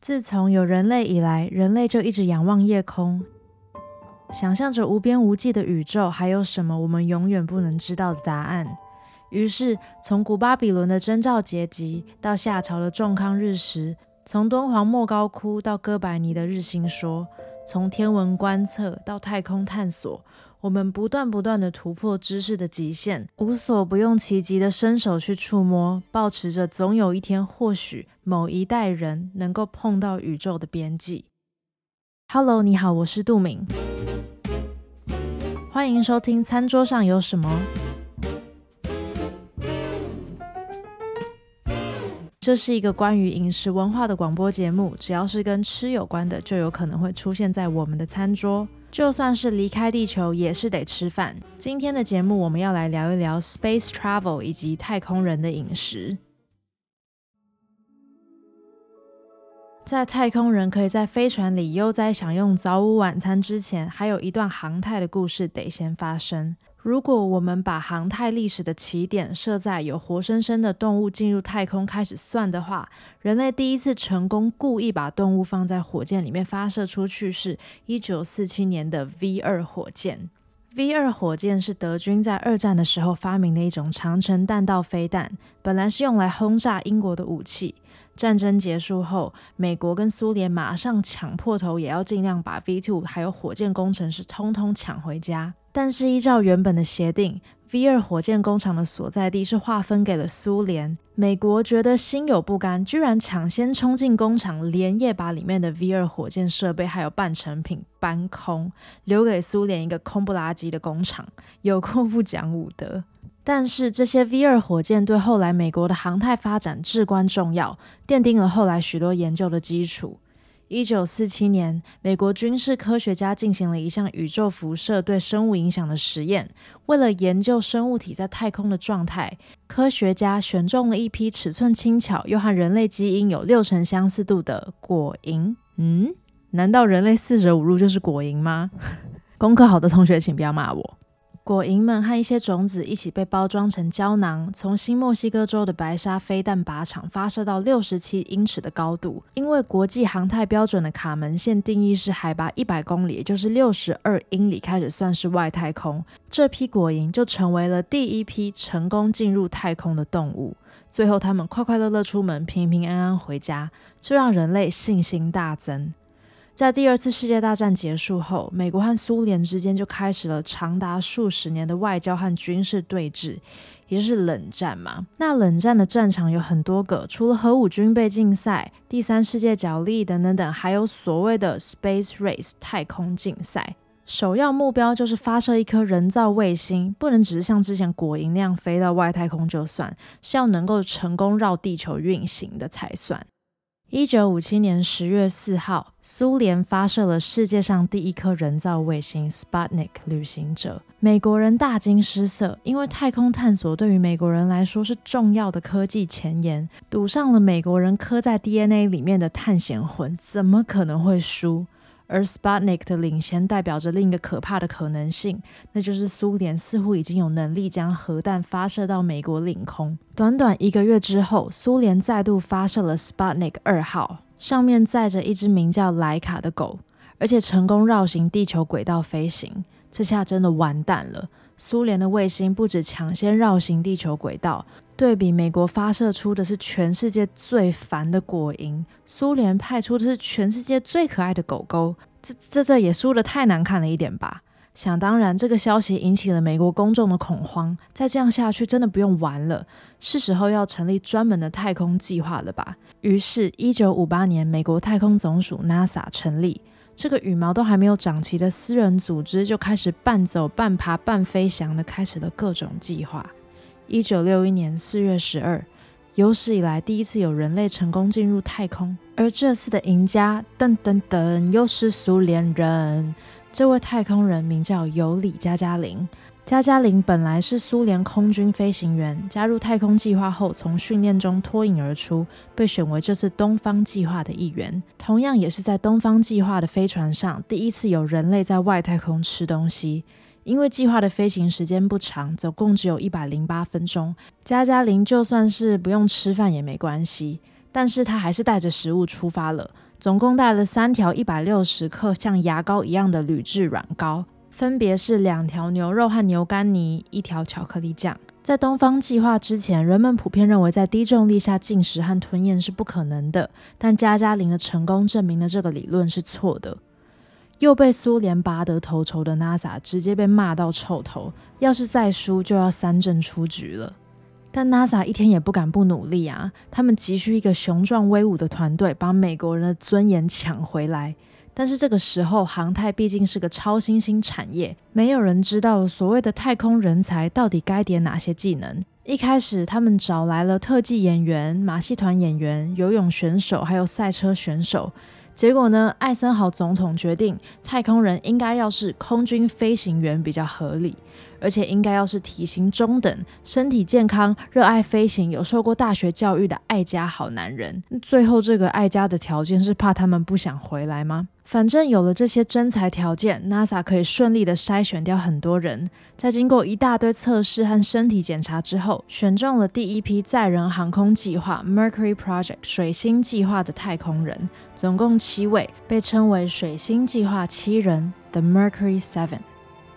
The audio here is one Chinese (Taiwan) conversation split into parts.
自從有人類以來，人類就一直仰望夜空，想象着無邊無際的宇宙還有什麼我們永遠不能知道的答案。於是，從古巴比倫的徵兆結集，到夏朝的仲康日食；從敦煌莫高窟到哥白尼的日心說；從天文觀測到太空探索。我們不斷不斷的突破知識的極限，無所不用其極的伸手去觸摸，抱持着總有一天，或許某一代人能夠碰到宇宙的邊際。Hello，你好，我是杜明。歡迎收聽《餐桌上有什麼》。這是一個關於飲食文化的廣播節目，只要是跟吃有關的，就有可能會出現在我們的餐桌。就算是離開地球，也是得吃飯。今天的節目，我們要來聊一聊 space travel 以及太空人的飲食。在太空人可以在飛船裡悠哉享用早午晚餐之前，還有一段航太的故事得先發生。如果我們把航太歷史的起點，設在有活生生的動物進入太空開始算的話，人類第一次成功故意把動物放在火箭裡面發射出去，是1947年的 V2 火箭。V2 火箭是德軍在二戰的時候發明的一種長程彈道飛彈，本來是用來轟炸英國的武器。戰爭結束後，美國跟蘇聯馬上搶破頭，也要盡量把 V2 還有火箭工程師通通搶回家。但是依照原本的協定，V2 火箭工廠的所在地是劃分給了蘇聯。美國覺得心有不甘，居然搶先衝進工廠，連夜把裡面的 V2 火箭設備還有半成品搬空，留給蘇聯一個空不拉幾的工廠。有夠不講武德。但是這些 V2 火箭對後來美國的航太發展至關重要，奠定了後來許多研究的基礎。一九四七年，美國軍事科學家進行了一項宇宙輻射對生物影響的實驗，為了研究生物體在太空的狀態，科學家選中了一批尺寸輕巧又和人類基因有六成相似度的果蠅。嗯，難道人類四捨五入就是果蠅嗎？功課好的同學請不要罵我。果蠅們和一些種子一起被包裝成膠囊，從新墨西哥州的白沙飛彈靶場發射到六十七英尺的高度。因為國際航太標準的卡門線定義是海拔一百公里，也就是六十二英里，開始算是外太空。這批果蠅就成為了第一批成功進入太空的動物。最後，他們快快樂樂出門，平平安安回家，這讓人類信心大增。在第二次世界大戰結束後，美國和蘇聯之間就開始了長達數十年的外交和軍事對峙，也就是冷戰嘛。那冷戰的戰場有很多個，除了核武軍備競賽、第三世界角力等等等，還有所謂的 Space Race 太空競賽。首要目標就是發射一顆人造衛星，不能只是像之前果蠅那樣飛到外太空就算，是要能夠成功繞地球運行的才算。一九五七年十月四號，蘇聯發射了世界上第一顆人造衛星“ s p 斯 t n i k 旅行者）。美國人大驚失色，因為太空探索對於美國人來說是重要的科技前沿，堵上了美國人刻在 DNA 裡面的探險魂，怎麼可能會輸？而 Sputnik 的領先代表着另一個可怕的可能性，那就是蘇聯似乎已經有能力將核彈發射到美國領空。短短一個月之後，蘇聯再度發射了 Sputnik 二號，上面載着一隻名叫萊卡的狗，而且成功繞行地球軌道飛行。這下真的完蛋了，蘇聯的衛星不只搶先繞行地球軌道。對比美國發射出的是全世界最煩的果蠅，蘇聯派出的是全世界最可愛的狗狗，這這這也輸得太難看了一點吧？想當然，這個消息引起了美國公眾的恐慌。再這樣下去，真的不用玩了，是時候要成立專門的太空計劃了吧？於是，1958年，美國太空總署 NASA 成立，這個羽毛都還沒有長齊的私人組織就開始半走半爬半飛翔的開始了各種計劃。一九六一年四月十二，有史以來第一次有人類成功進入太空，而這次的贏家噔噔噔又是蘇聯人。這位太空人名叫尤里加加林。加加林本來是蘇聯空軍飛行員，加入太空計劃後從訓練中脫穎而出，被選為這次東方計劃的一員。同樣也是在東方計劃的飛船上，第一次有人類在外太空吃東西。因為計劃的飛行時間不長，總共只有一百零八分鐘，加加林就算是不用吃飯也沒關係，但是他還是帶着食物出發了，總共帶了三條一百六十克像牙膏一樣的鋁製軟膏，分別是兩條牛肉和牛肝泥，一條巧克力醬。在東方計劃之前，人們普遍認為在低重力下進食和吞嚥是不可能的，但加加林的成功證明了這個理論是錯的。又被蘇聯拔得頭籌的 NASA 直接被罵到臭頭，要是再輸就要三振出局了。但 NASA 一天也不敢不努力啊，他們急需一個雄壯威武的團隊把美國人的尊嚴搶回來。但是這個時候，航太畢竟是個超新興產業，沒有人知道所謂的太空人才到底該點哪些技能。一開始，他們找來了特技演員、馬戲團演員、游泳選手，還有賽車選手。結果呢，艾森豪總統決定，太空人應該要是空軍飛行員比較合理。而且應該要是體型中等、身體健康、熱愛飛行、有受過大學教育的愛家好男人。最後這個愛家的條件是怕他們不想回來嗎？反正有了這些徵才條件，NASA 可以順利的篩選掉很多人。在經過一大堆測試和身體檢查之後，選中了第一批載人航空計劃 （Mercury Project） 水星計劃的太空人，總共七位，被稱為水星計劃七人 （The Mercury Seven）。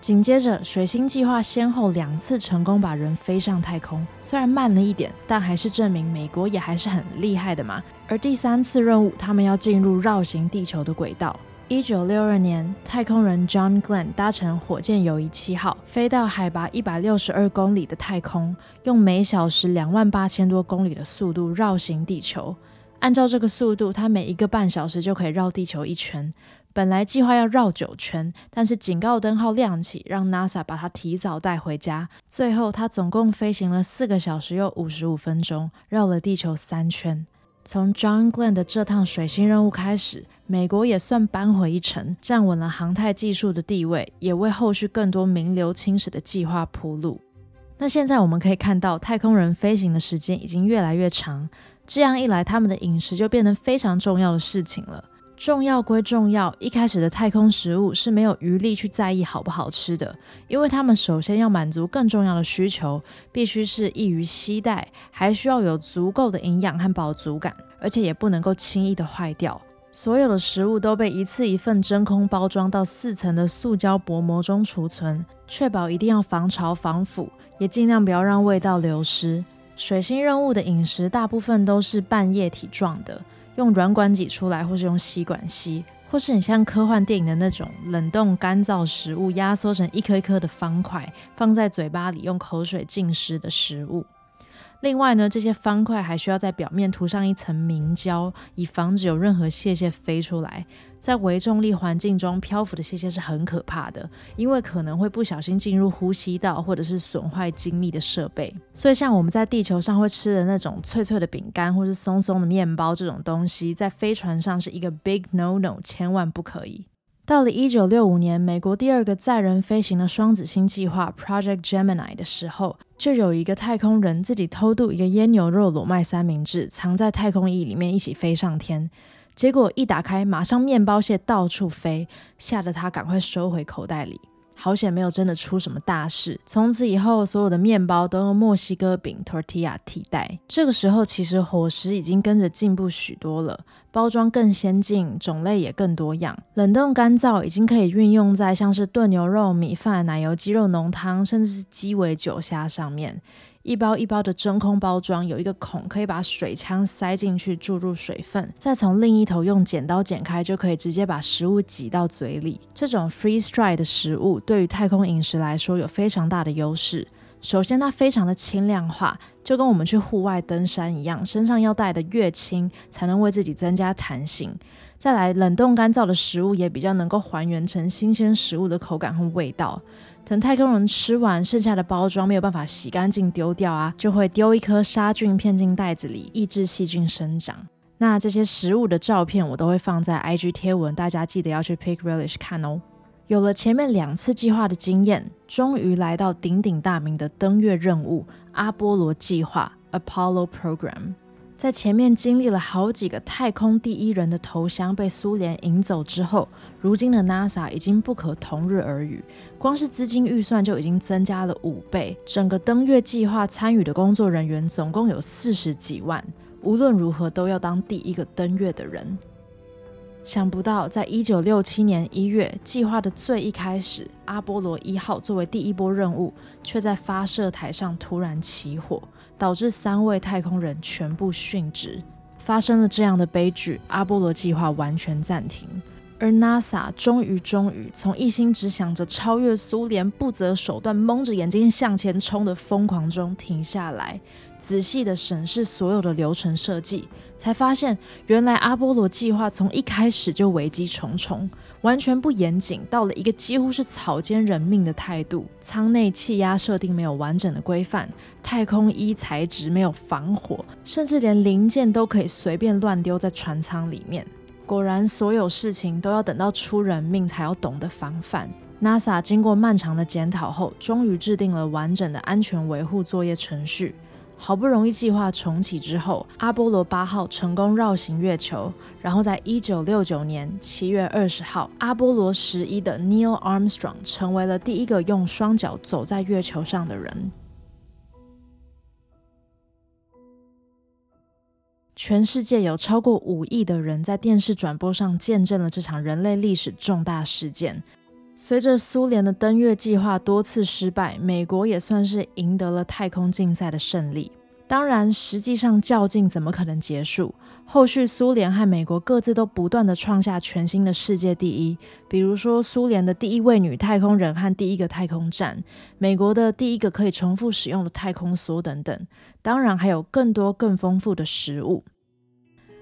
緊接着，水星計劃先後兩次成功把人飛上太空，雖然慢了一點，但還是證明美國也還是很厲害的嘛。而第三次任務，他們要進入繞行地球的軌道。一九六二年，太空人 John Glenn 搭乘火箭友誼七號，飛到海拔一百六十二公里的太空，用每小時兩萬八千多公里的速度繞行地球。按照這個速度，他每一個半小時就可以繞地球一圈。本來計劃要繞九圈，但是警告燈號亮起，讓 NASA 把它提早帶回家。最後，它總共飛行了四個小時又五十五分鐘，繞了地球三圈。從 John Glenn 的這趟水星任務開始，美國也算扳回一城，站穩了航太技術的地位，也為後續更多名留青史的計劃鋪路。那現在我們可以看到，太空人飛行的時間已經越來越長，這樣一來，他們的飲食就變得非常重要的事情了。重要歸重要，一開始的太空食物是沒有餘力去在意好不好吃的，因為他們首先要滿足更重要的需求，必須是易於攜帶，還需要有足夠的營養和飽足感，而且也不能夠輕易的壞掉。所有的食物都被一次一份真空包裝到四層的塑膠薄膜中儲存，確保一定要防潮防腐，也盡量不要讓味道流失。水星任務的飲食大部分都是半液體狀的。用軟管擠出來，或是用吸管吸，或是很像科幻電影的那種冷凍乾燥食物，壓縮成一顆一顆的方塊，放在嘴巴裡用口水浸濕的食物。另外呢，這些方塊還需要在表面塗上一層明膠，以防止有任何屑屑飛出來。在微重力環境中漂浮的屑屑是很可怕的，因為可能會不小心進入呼吸道，或者是損壞精密的設備。所以，像我們在地球上會吃的那種脆脆的餅乾，或是鬆鬆的麵包這種東西，在飛船上是一個 big no no，千萬不可以。到了一九六五年，美國第二個載人飛行的雙子星計劃 （Project Gemini） 的時候，就有一個太空人自己偷渡一個醃牛肉裸麥三明治，藏在太空衣裡面一起飛上天。結果一打開，馬上麵包屑到處飛，嚇得他趕快收回口袋裡。好險沒有真的出什麼大事。從此以後，所有的麵包都用墨西哥餅 （tortilla） 替代。這個時候，其實伙食已經跟着進步許多了，包裝更先進，種類也更多樣。冷凍乾燥已經可以運用在像是燉牛肉、米飯、奶油雞肉濃湯，甚至是雞尾酒蝦上面。一包一包的真空包裝，有一個孔，可以把水槍塞進去注入水分，再從另一頭用剪刀剪開，就可以直接把食物擠到嘴裡。這種 freeze-dried 的食物對於太空飲食來說有非常大的優勢。首先，它非常的輕量化，就跟我們去戶外登山一樣，身上要帶的越輕，才能為自己增加彈性。再來，冷凍乾燥的食物也比較能夠還原成新鮮食物的口感和味道。等太空人吃完，剩下的包裝沒有辦法洗乾淨丟掉啊，就會丟一顆殺菌片進袋子裡抑制細菌生長。那這些食物的照片我都會放在 IG 貼文，大家記得要去 Pick Relish 看哦！有了前面兩次計劃的經驗，終於來到鼎鼎大名的登月任務阿波羅計劃 Apollo Program。在前面經歷了好幾個太空第一人的頭銜被蘇聯贏走之後，如今的 NASA 已經不可同日而語。光是資金預算就已經增加了五倍，整個登月計劃參與的工作人員總共有四十幾萬。無論如何，都要當第一個登月的人。想不到，在一九六七年一月，計劃的最一開始，阿波羅一號作為第一波任務，卻在發射台上突然起火，導致三位太空人全部殉職。發生了這樣的悲劇，阿波羅計劃完全暫停。而 NASA 終於終於從一心只想着超越蘇聯、不擇手段、蒙着眼睛向前衝的瘋狂中停下來。仔細地審視所有的流程設計，才發現原來阿波羅計劃從一開始就危機重重，完全不嚴謹，到了一個幾乎是草菅人命的態度。艙內氣壓設定沒有完整的規範，太空衣材質沒有防火，甚至連零件都可以隨便亂丟在船艙裡面。果然，所有事情都要等到出人命才要懂得防範。NASA 經過漫長的檢討後，終於制定了完整的安全維護作業程序。好不容易計劃重啟之後，阿波羅八號成功繞行月球，然後在一九六九年七月二十號，阿波羅十一的 Neil Armstrong 成為了第一個用雙腳走在月球上的人。全世界有超過五億的人在電視轉播上見證了這場人類歷史重大事件。隨着蘇聯的登月計劃多次失敗，美國也算是贏得了太空競賽的勝利。當然，實際上較勁怎麼可能結束？後續蘇聯和美國各自都不斷地創下全新的世界第一，比如說蘇聯的第一位女太空人和第一個太空站，美國的第一個可以重複使用的太空梭等等。當然，還有更多更豐富的食物。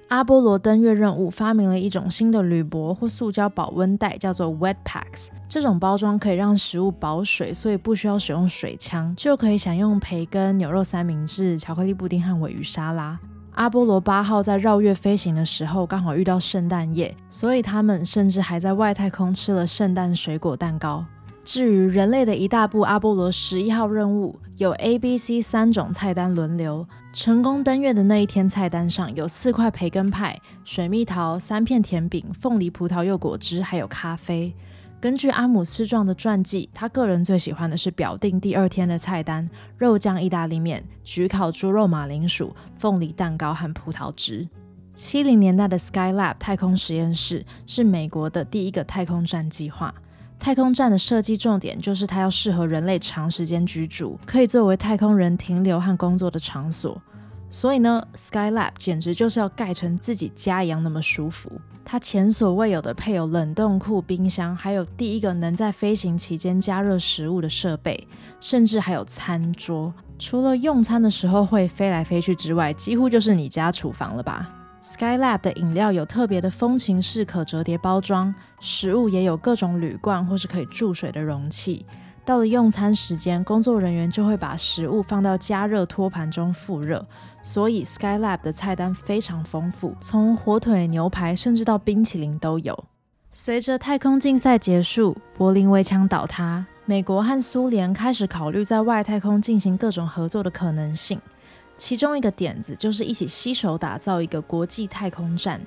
阿波羅登月任務發明了一種新的鋁箔或塑膠保溫袋，叫做 Wet Packs。這種包裝可以讓食物保水，所以不需要使用水槍，就可以享用培根、牛肉三明治、巧克力布丁和鮪魚沙拉。阿波羅八號在繞月飛行的時候剛好遇到聖誕夜，所以他們甚至還在外太空吃了聖誕水果蛋糕。至於人類的一大步，阿波羅十一號任務有 A、B、C 三種菜單輪流。成功登月的那一天，菜單上有四塊培根派、水蜜桃、三片甜餅、鳳梨葡萄柚果汁，還有咖啡。根據阿姆斯壯的傳記，他個人最喜歡的是表定第二天的菜單：肉醬意大利麵、焗烤豬肉馬鈴薯、鳳梨蛋糕和葡萄汁。七零年代的 Skylab 太空實驗室是美國的第一個太空站計劃。太空站的設計重點就是它要適合人類長時間居住，可以作為太空人停留和工作的場所。所以呢，Skylab 簡直就是要蓋成自己家一樣那麼舒服。它前所未有的配有冷凍庫、冰箱，還有第一個能在飛行期間加熱食物的設備，甚至還有餐桌。除了用餐的時候會飛來飛去之外，幾乎就是你家廚房了吧。Skylab 的飲料有特別的風琴式可折疊包裝，食物也有各種鋁罐或是可以注水的容器。到了用餐時間，工作人員就會把食物放到加熱托盤中復熱。所以 Skylab 的菜單非常豐富，從火腿、牛排，甚至到冰淇淋都有。隨着太空競賽結束，柏林圍牆倒塌，美國和蘇聯開始考慮在外太空進行各種合作的可能性。其中一個點子就是一起攜手打造一個國際太空站。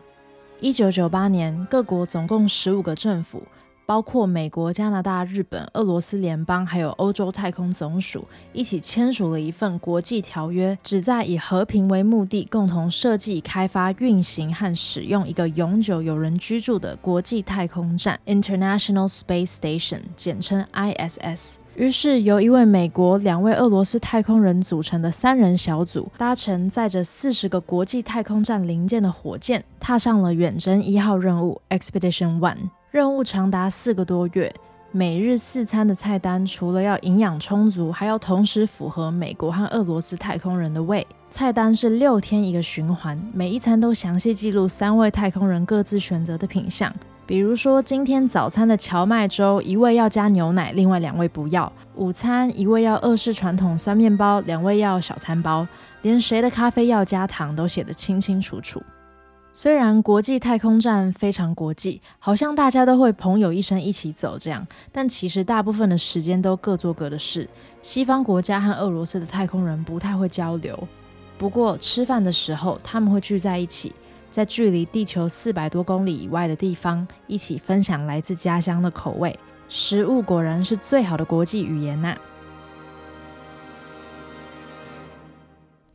一九九八年，各國總共十五個政府，包括美國、加拿大、日本、俄羅斯聯邦，還有歐洲太空總署，一起簽署了一份國際條約，旨在以和平為目的，共同設計、開發、運行和使用一個永久有人居住的國際太空站 （International Space Station，簡稱 ISS）。於是，由一位美國、兩位俄羅斯太空人組成的三人小組，搭乘載着四十個國際太空站零件的火箭，踏上了遠征一號任務 （Expedition One）。任務長達四個多月，每日四餐的菜單除了要營養充足，還要同時符合美國和俄羅斯太空人的胃。菜單是六天一個循環，每一餐都詳細記錄三位太空人各自選擇的品項。比如說，今天早餐的蕎麥粥，一位要加牛奶，另外兩位不要；午餐一位要俄式傳統酸麵包，兩位要小餐包，連誰的咖啡要加糖都寫得清清楚楚。雖然國際太空站非常國際，好像大家都會朋友一生一起走這樣，但其實大部分的時間都各做各的事。西方國家和俄羅斯的太空人不太會交流，不過吃飯的時候他們會聚在一起。在距離地球四百多公里以外的地方，一起分享來自家鄉的口味，食物果然是最好的國際語言吶！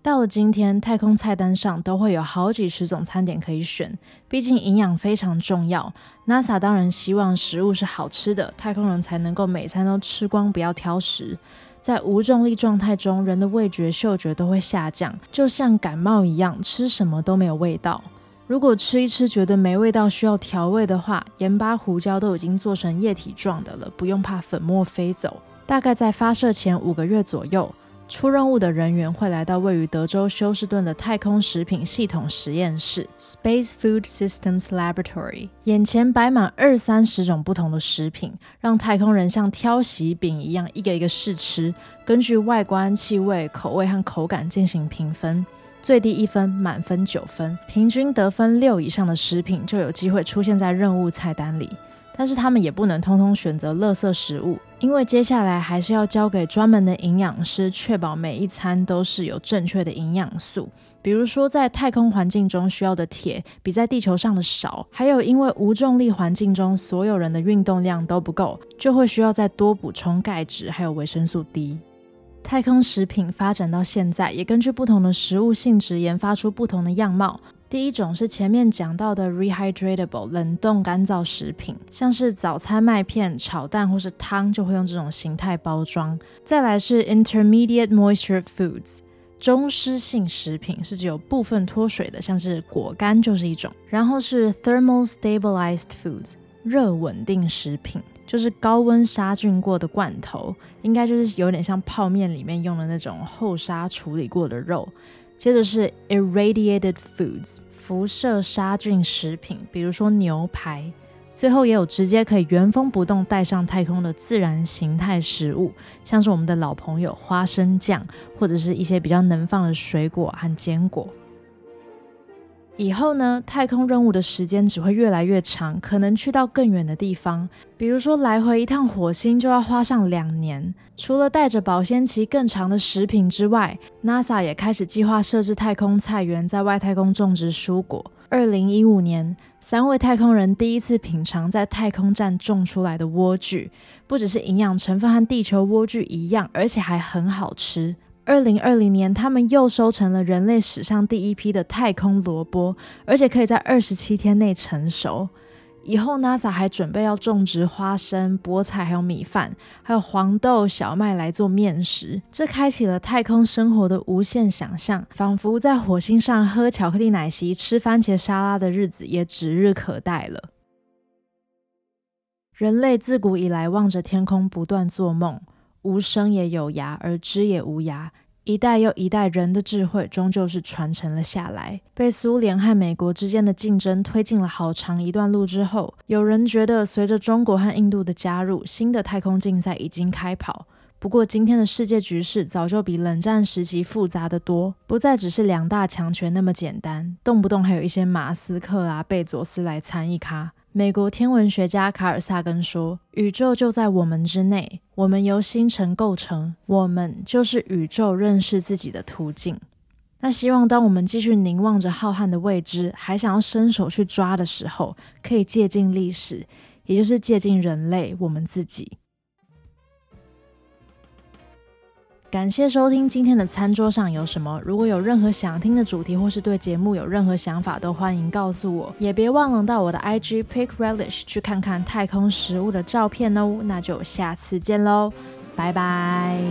到了今天，太空菜單上都會有好幾十種餐點可以選，畢竟營養非常重要。NASA 當然希望食物是好吃的，太空人才能夠每餐都吃光，不要挑食。在無重力狀態中，人的味覺、嗅覺都會下降，就像感冒一樣，吃什麼都沒有味道。如果吃一吃覺得沒味道，需要調味的話，鹽巴、胡椒都已經做成液體狀的了，不用怕粉末飛走。大概在發射前五個月左右，出任務的人員會來到位於德州休斯頓的太空食品系統實驗室 （Space Food Systems Laboratory），眼前擺滿二三十種不同的食品，讓太空人像挑喜餅一樣一個一個試吃，根據外觀、氣味、口味和口感進行評分。最低一分，滿分九分，平均得分六以上的食品就有機會出現在任務菜單裡。但是他們也不能通通選擇垃圾食物，因為接下來還是要交給專門的營養師確保每一餐都是有正確的營養素。比如說，在太空環境中需要的鐵比在地球上的少，還有因為無重力環境中所有人的運動量都不夠，就會需要再多補充鈣質還有維生素 D。太空食品發展到現在，也根據不同的食物性質研發出不同的樣貌。第一種是前面講到的 rehydratable 冷凍乾燥食品，像是早餐麥片、炒蛋或是湯，就會用這種形態包裝。再來是 intermediate moisture foods 中濕性食品，是只有部分脫水的，像是果乾就是一種。然後是 thermal stabilized foods 熱穩定食品。就是高溫殺菌過的罐頭，應該就是有點像泡麵裡面用的那種後殺處理過的肉。接着是 irradiated foods，輻射殺菌食品，比如說牛排。最後也有直接可以原封不動帶上太空的自然形態食物，像是我們的老朋友花生醬，或者是一些比較能放的水果和堅果。以後呢，太空任務的時間只會越來越長，可能去到更遠的地方，比如說來回一趟火星就要花上兩年。除了帶着保鮮期更長的食品之外，NASA 也開始計劃設置太空菜園，在外太空種植蔬果。二零一五年，三位太空人第一次品嘗在太空站種出來的萵苣，不只是營養成分和地球萵苣一樣，而且還很好吃。二零二零年，他們又收成了人類史上第一批的太空蘿蔔，而且可以在二十七天內成熟。以後 NASA 還準備要種植花生、菠菜、還有米飯，還有黃豆、小麥來做麵食。這開啟了太空生活的無限想象，仿佛在火星上喝巧克力奶昔、吃番茄沙拉的日子也指日可待了。人類自古以來望着天空不，不斷做夢。吾生也有涯，而知也無涯。一代又一代人的智慧終究是傳承了下來，被蘇聯和美國之間的競爭推進了好長一段路之後，有人覺得隨着中國和印度的加入，新的太空競賽已經開跑。不過，今天的世界局勢早就比冷戰時期複雜得多，不再只是兩大強權那麼簡單，動不動還有一些馬斯克啊、貝佐斯來參一咖。美國天文學家卡爾薩根說：“宇宙就在我們之內，我們由星辰構成，我們就是宇宙認識自己的途徑。”那希望，當我們繼續凝望着浩瀚的未知，還想要伸手去抓的時候，可以借鏡歷史，也就是借鏡人類，我們自己。感謝收聽今天的餐桌上有什麼。如果有任何想聽的主題，或是對節目有任何想法，都歡迎告訴我。也別忘了到我的 IG Pick Relish 去看看太空食物的照片哦。那就下次見嘍，拜拜。